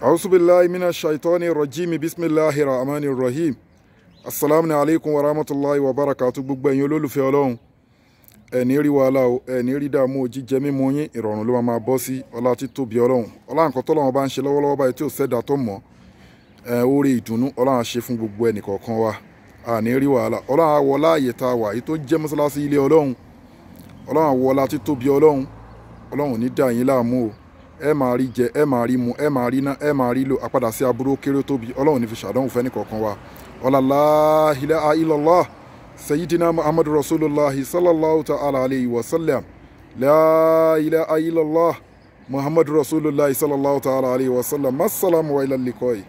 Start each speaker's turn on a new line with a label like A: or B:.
A: auzubillahi mina shaitani rajimi bisimilahi rahmani rahim asalaamu alaykum wa rahmatulahi wa barakatu gbogbo ẹ̀yin في الله ẹni rí wàhálà o ẹni rí dààmú jíjẹ mímu yín ìrọ̀rùn ló máa bọ́ sí ọlá títóbi ọlọ́run ọlá nǹkan tọ́lọ́run bá ń ṣe lọ́wọ́lọ́wọ́ báyìí tí ò sẹ́dá tó mọ̀ ẹ oore ìdùnnú ọlọ́run ṣe fún gbogbo ẹnì kọ̀ọ̀kan wa àní rí wàhálà ọlọ́run àwọ̀ láàyè tá a wà yìí tó jẹ́ mọ́sálásí ilé ọlọ́run ọlọ́run àwọ̀ ọlá títóbi ọlọ́run ọlọ́run ní dà yín láàmú o ẹ máa rí jẹ ẹ máa rí mu ẹ máa rí ná ẹ máa rí lò àpadà sí aburú kéré tóbi ọlọ́run ní fi ṣàdánwò fẹ́ nìkọ̀ọ̀kan wa ọ̀làlá ilẹ̀ àìlọ́lá sayyidina muhammadu rasulillahi sallallahu ta'ala alayhi wa sallam la ilaha illallah muhammadu rasulillahi sallallahu ta'ala alayhi wa
B: sallam masalamu wa ilal liqai